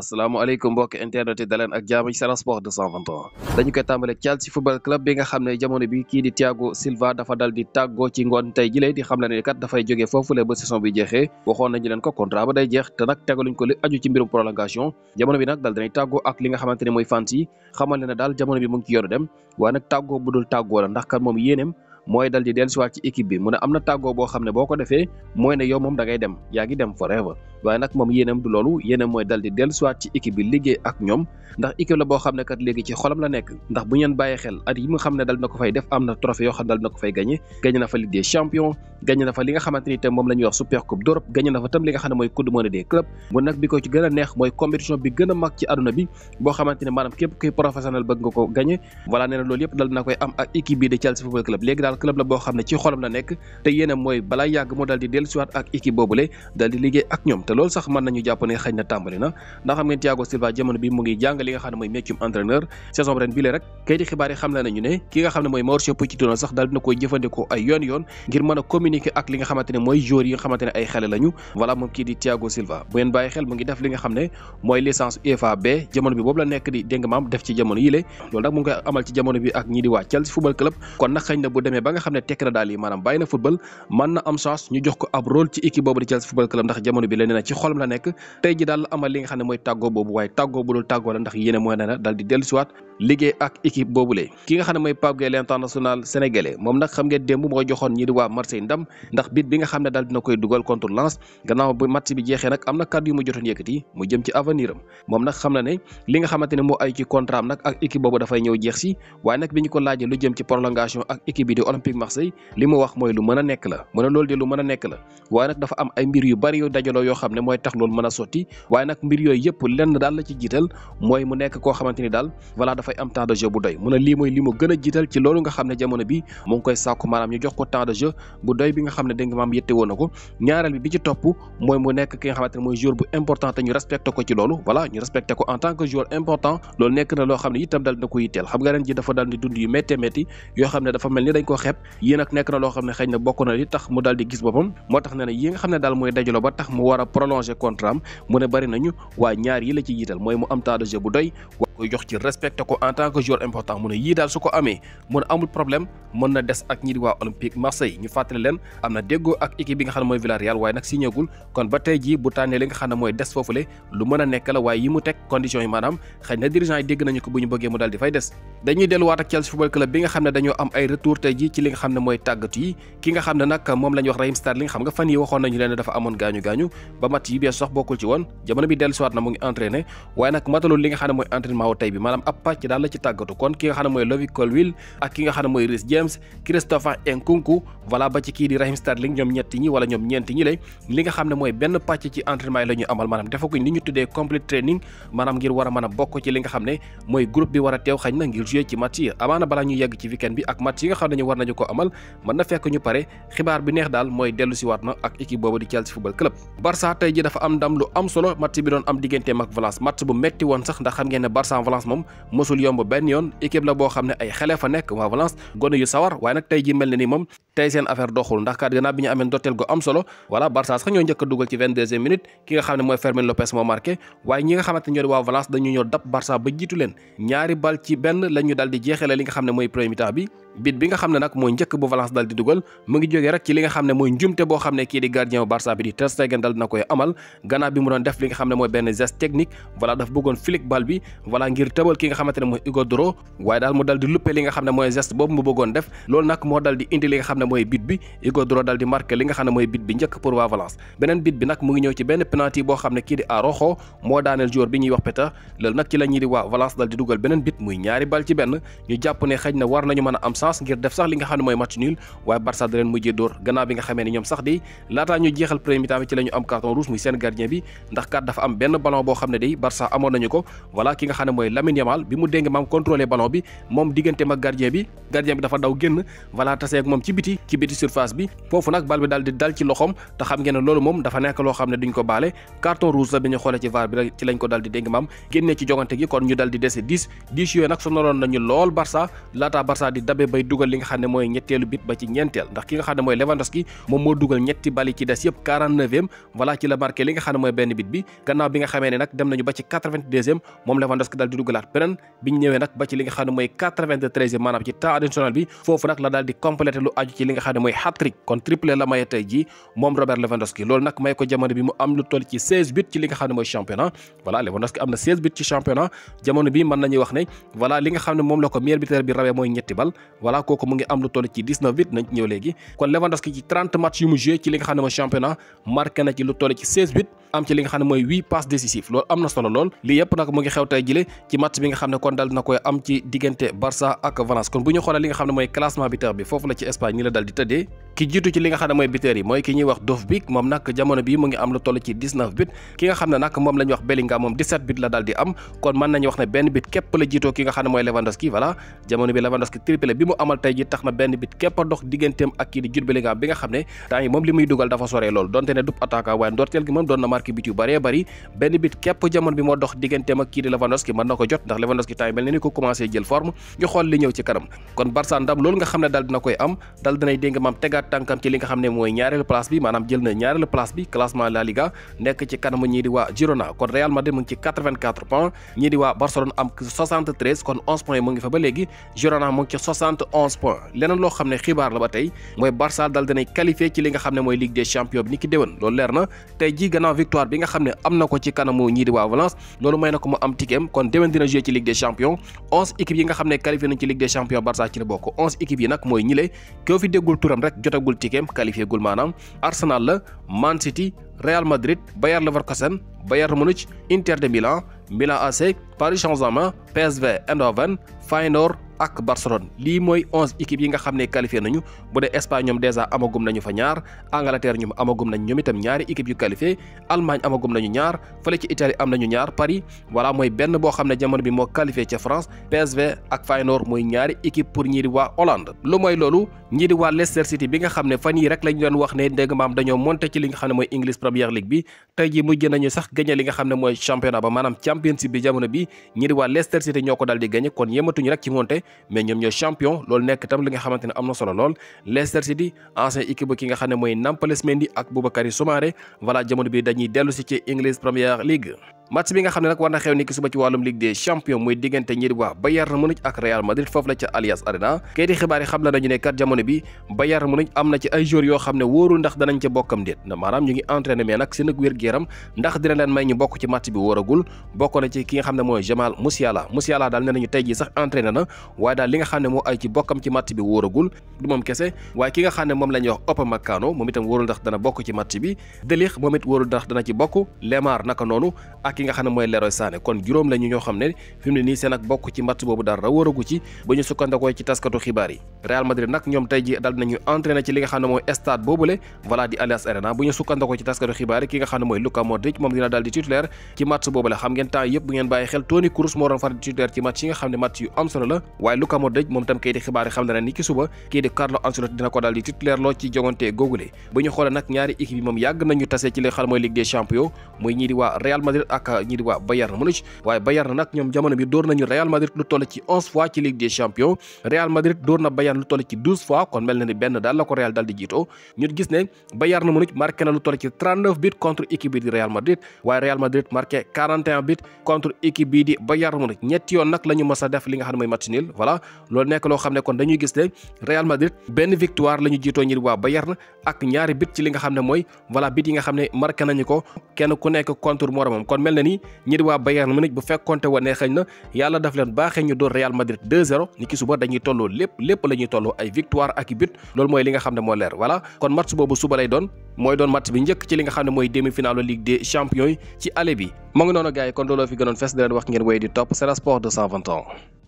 asalaamaaleykum mbokk internet yi daleen ak jaamu ci Sen Sport 221 dañu football club bi nga xam ne jamono bi kii di Thiago Silva dafa dal di tàggoo ci ngoon tey jile di xam le ne kat dafay jógee foofule ba saison bi jeexe waxoon nañu leen ko contrat ba day jeex te nag tegaluñ ko li aju ci mbirum prolongation jamono bi nag dal dinay tàggoo ak li nga xamante ne mooy fans yi xamal ne daal jamono bi mu ngi ci yoonu dem waaye nag tàggoo bu dul tàggoo la ndax kat moom yéeneem mooy dal di del dellusiwaat ci équipe bi mu am na tàggoo boo xam ne boo ko defee mooy ne yow moom da dem yaa ngi dem forever waaye nag moom yéenam loolu yéenam mooy dal di dellusiwaat ci équipe bi liggéey ak ñoom ndax équipe la boo xam ne kat léegi ci xolam la nekk ndax bu ngeen bàyyi xel at yi xam ne dal na ko fay def am na trophée yoo xam ne dal na ko fay gagné na fa Ligue des champions na fa li nga moom la ñuy wax super coupe d'Europe gagné na fa tam li nga ne mooy bu nag bi ko ci gën a neex mooy compétition bi gën a ci àdduna bi boo xamante ne maanaam képp kuy professionnel bëgg nga ko gagné voilà nee na loolu yëpp dal na koy am ak bi de Chelsea ne ci xolam la nekk te yéenam mooy balaa yàgg mu dal di dellusiwaat ak équipe boobule dal di liggéey ak te loolu sax mën nañu jàpp ne na tàmbali ndax xam ngeen Thiago Silva jamono bi mu ngi jàng li nga xam ne mooy méccum entraîneur saison ren sax daal dina koy jëfandikoo ay yoon yoon ngir mën a communiquer ak li nga xamante ne mooy joueurs yi nga xamante ne ay xale lañu voilà moom kii di Thiago Silva bu ngeen bàyyi xel mu ngi def li nga xam ne mooy licence UEFA B jamono bi boobu la nekk di déng def ci jamono yi lée loolu mu ngi amal ci jamono bi ak ñi ne ci xol la nekk tey ji daal amal li nga xam ne mooy tàggoo boobu waaye tàggoo bu dul tàggoo a ndax yéene mooy ne na di dellusiwaat liggéey ak équipe boobule ki nga xam ne mooy Pape Gueye l'international sénégalais moom nag xam ngeen démb moo joxoon ñi di waa Marseille ndam ndax bit bi nga xam ne daal dina koy dugal contre Lens gannaaw bu match na kàddu yu mu jotoon yëkkati mu jëm ci avenir am na ne li nga ne moo ay ci contrat am nag ak équipe si waaye nag bi ko laajee lu jëm ci prolongation ak équipe bi di Olympique Marseille li mu a nekk la mu ne loolu a nekk la waaye nag dafa am ay mbir yu bari yu yoo xam ne mooy tax loolu mën a sotti waaye nag mbir yooyu yëpp daal la ci mooy mu nekk koo xamante ni daal dafay am temps de jeu mu a xam ne jamono bi mu ngi koy sàkku maanaam ñu jox ko temps de jeu bu doy bi nga xam ne dégg nga maam yette woon na ko ñaareel bi bi nekk na loo xam ne itam dal na ko yitteel xam nga ren ji dafa dal di dund yu métti métti yoo xam ne dafa mel ni dañ ko xeeb yii nekk na loo xam ne xëy na bokk na li tax mu dal di gis boppam moo tax ne ne yi nga xam ne daal mooy dajaloo ba tax mu war a prolonger contrat am mu ne bari nañu waaye ñaar yi la ci yiital mooy mu am temps de jeu bu doy koy jox ci respecté ko en tant important mu ne yii daal su ko amee mu amul problème mën na des ak ñi di waa Olympique Marseille ñu fàttali leen am na déggoo ak équipe bi nga xam ne mooy Villarreal waaye nag lu mën a nekk la waaye yi mu teg conditions yi maanaam xëy na dirigeant yi dégg nañu ko bu ñu bëggee mu daal di des dañuy delluwaat ak Chelsea Football Club bi nga xam ne dañoo am ay retour tey jii ci li nga xam ne mooy tàggatu yi ki nga xam ne taxaw tay bi maanaam ab pàcc dal la ci tagatu kon ki nga xamne moy Colwill ak ki nga xamne moy rhys James Christopher Nkunku voilà ba ci ki di Raheem Sterling ñom ñetti ñi wala ñom ñeenti ñi lay li nga xamne moy benn patch ci entraînement lañu amal maanaam li ñu tuddé complete training manam ngir wara mëna bokk ci li nga xamne moy groupe bi wara tew xañ na ngir jouer ci match yi amana bala ñu yegg ci weekend bi ak match yi nga xamne ñu war nañu ko amal mana na fekk ñu pare xibaar bi neex dal moy warna ci waat na ak équipe bobu di Chelsea Football Club Barça tay ji dafa am ndam lu am solo match bi doon am digënté mak Valence match bu metti won sax ndax xam ngeen ne Barça sans Valence moom mosul yomb benn yoon équipe la boo xam ne ay xale fa nekk waa Valence gone yu sawar waaye nag tey ji mel ni moom tey seen affaire doxul ndax kat gannaaw bi ñu amee ndotteel gu am solo voilà Barça sax ñoo njëkk dugal ci ñaari bal ci benn la dal di jeexale li nga xam ne mooy premier bi bit bi dal di dugal koy amal gannaaw bi mu doon def li nga xam ne mooy benn geste technique voilà daf bëggoon flick bal bi voilà combat ngir tëbal ki nga xamante mooy Hugo Doro waaye daal mu dal di luppe li nga xam ne mooy geste boobu mu bëggoon def loolu nag moo dal di indi li nga xam ne mooy bit bi Hugo Doro dal di marqué li nga xam ne mooy bit bi njëkk pour Valence beneen bit bi nag mu ngi ñëw ci benn penalty boo xam ne kii di Arojo moo daaneel joueur bi ñuy wax Peta loolu nag ci la di waa Valence dal di dugal beneen bit muy ñaari bal ci benn ñu jàpp ne xëy na war nañu mën a am xam ne mooy match nul waaye Barça da moy Lamine Yamal bi mu déng mam contrôler ballon bi mom digënté ma gardien bi gardien bi dafa daw génn wala tassé ak mom ci biti ci biti surface bi fofu nak bal bi dal di dal ci loxom ta xam ngeen lolu mom dafa nek lo xamne duñ ko balé carton rouge la biñu xolé ci VAR bi ci lañ ko dal di déng mam génné ci joganté gi kon ñu dal di déssé 10 10 yoy nak sonoron nañu lol Barça lata Barça di dabé bay duggal li nga xamne moy ñettelu bit ba ci ñentel ndax ki nga xamne moy Lewandowski mom mo duggal ñetti bali ci dess yépp 49e wala ci la marqué li nga xamne moy benn bit bi gannaaw bi nga xamé nak dem nañu ba ci 92 e mom Lewandowski dal daal di dugalaat beneen bi ñëwee nag ba ci li nga xam ne mooy maanaam ci temps additionnel bi foofu nag la daal di complété lu aju ci li nga xam ne mooy hat-trick kon triplé la maye tey jii moom Robert Lewandowski loolu nag may ko jamono bi mu am na seize wax ne voilà li nga xam ne moom la ko meilleur buteur bi rawee mooy ñetti bal voilà kooku mu ngi am lu toll ci dix-neuf buts nañ ñëw léegi kon Lewandowski ci trente matchs yu mu joué ci li nga xam ne mooy ci match bi nga xam ne kon dal dina koy am ci diggante Barça ak Valence kon bu ñu xoolee li nga xam ne mooy classement bi tax bi foofu la ci Espagne ni la dal di tëddee ki jiitu ci li nga xam ne moom li muy dugal dafa soree loolu donte ne dub attaquant waaye ndorteel gi moom doon na marqué but yu bëree bëri benn but képp jamono bi moo dox digganteem ak kii di Lewandowski mën na ko jot ndax Lewandowski temps mel ne ni ko commencé jël forme ñu xool li ñëw ci kanam kon Barça ndam loolu nga xam ne daal dina koy am daal dinay dégg maam tegaat tankam ci li nga xamne moy mooy place bi manam jël na ñaareelu place bi classement La Liga nek ci kanam ñi di wa Girona kon Real Madrid mu ngi ci 84 points ñi di wa Barcelone am 73 kon 11 points mu ngi fa ba léegi Girona mu ngi ci 71 points leneen lo xamne ne xibaar la ba tay moy Barça dal dinay qualifier ci li nga xamne moy Ligue des Champions bi ni ki déwén loolu leer na tey ji gannaaw victoire bi nga xamne amna am ko ci kanam ñi di wa Valence lolou may na ko mu am tikem kon déwén dina jouer ci Ligue des Champions 11 équipes yi nga xamne qualifier na ci Ligue des Champions Barça ci bokk 11 équipes yi nak moy ñi lay ko fi déggul turam rek jote jotagul tikem qualifié gul maanaam Arsenal la Man City Real Madrid Bayer Leverkusen Bayern Munich Inter de Milan Milan AC Paris Saint-Germain PSV Eindhoven Feyenoord ak Barcelone li moy 11 équipes yi nga xamné qualifier nañu bu dee Espagne ñom déjà amagum nañu fa ñaar Angleterre ñom amagum nañ ñom itam ñaari équipes yu qualifier Allemagne amagum nañu ñaar fele ci Italie am nañu ñaar Paris wala moy benn bo xamné jamono bi mo qualifier ci France PSV ak Feyenoord moy ñaari équipe pour ñi di wa Hollande lu moy lolu ñi di wa Leicester City bi nga xamné fan yi rek lañu doon wax né dégg maam dañoo monter ci li nga xamné moy English Premier League bi tay ji jëna ñu sax gagné li nga xamné moy championnat ba championship bi jamono bi ñi waa Leicester City ñoo ko daal di gagné kon yematuñu rek ci monté mais ñoom champion loolu nekk tam li xamante ne am na solo lool Leicester City ancien équipe ki nga xam ne mooy Nampalys Mendy ak Boubakary Soumaré voilà jamono bi dañuy dellu ci English Premier League match bi nga xam ne nag war na xew ni ki suba ci wàllum Ligue des champions muy diggante ñi di waa Bayern Munich ak Real Madrid foofu la ca Allianz Arena kayiti xibaar yi xam la nañu ne kat jamono bi Bayern Munich am na ci ay joueurs yoo xam ne wóorul ndax na maanaam ñu ngi entraîné mais nag seen ak wér xam ne mooy Jamal Musiala Musiala daal ne nañu tey ji sax entraîné na waaye daal li nga moo ay ci bokkam ci match bi wóoragul du moom kese waaye ki nga xam la ñuy wax Upamecano moom itam wóorul ndax dana bokk ci match bi De Ligt moom it wóorul ndax dana ci bokk Lemar naka noonu ki nga xam ne mooy Leroy Sané kon juróom lañu ñoo xam ne fi ne nii seen ak bokk ci match boobu dara waragu ci ba ñu sukkandikoo ci taskatu xibaar yi Real Madrid nag ñoom tey ji dal nañu entraîné ci li nga xam ne mooy stade boobule voilà di Allianz Arena bu ñu sukkandikoo ci taskatu xibaar yi ki nga xam ne mooy Luka Modric moom dina dal di titulaire ci match boobule xam ngeen temps yëpp bu ngeen bàyyi xel Toni Kroos moo doon far di titulaire ak contre équipe bi di Real Madrid waaye Real Madrid marqué quarante un buts contre équipe bi di Bayern Munich ñetti yoon nag la ñu def li nga xam ne mooy match bit yi nga xam ne marqué nañu ko kenn ku nekk contre moromam kon mel na ni ñi di waa Bayern Munich bu fekkonte wane xëy na yàlla daf leen baaxee ñu door Real Madrid ni ki suba dañuy tolloo lépp lépp la tolloo ay victoire ak but loolu mooy li nga xam ne moo leer voilà kon match boobu suba lay doon mooy doon match bi njëkk ci li nga xam ne mooy demi-finale Ligue des Champions yi ci aller bi mu ngi noonu gars kon looloo fi gënoon fes di wax ngeen wéy di topp Sen Sports 221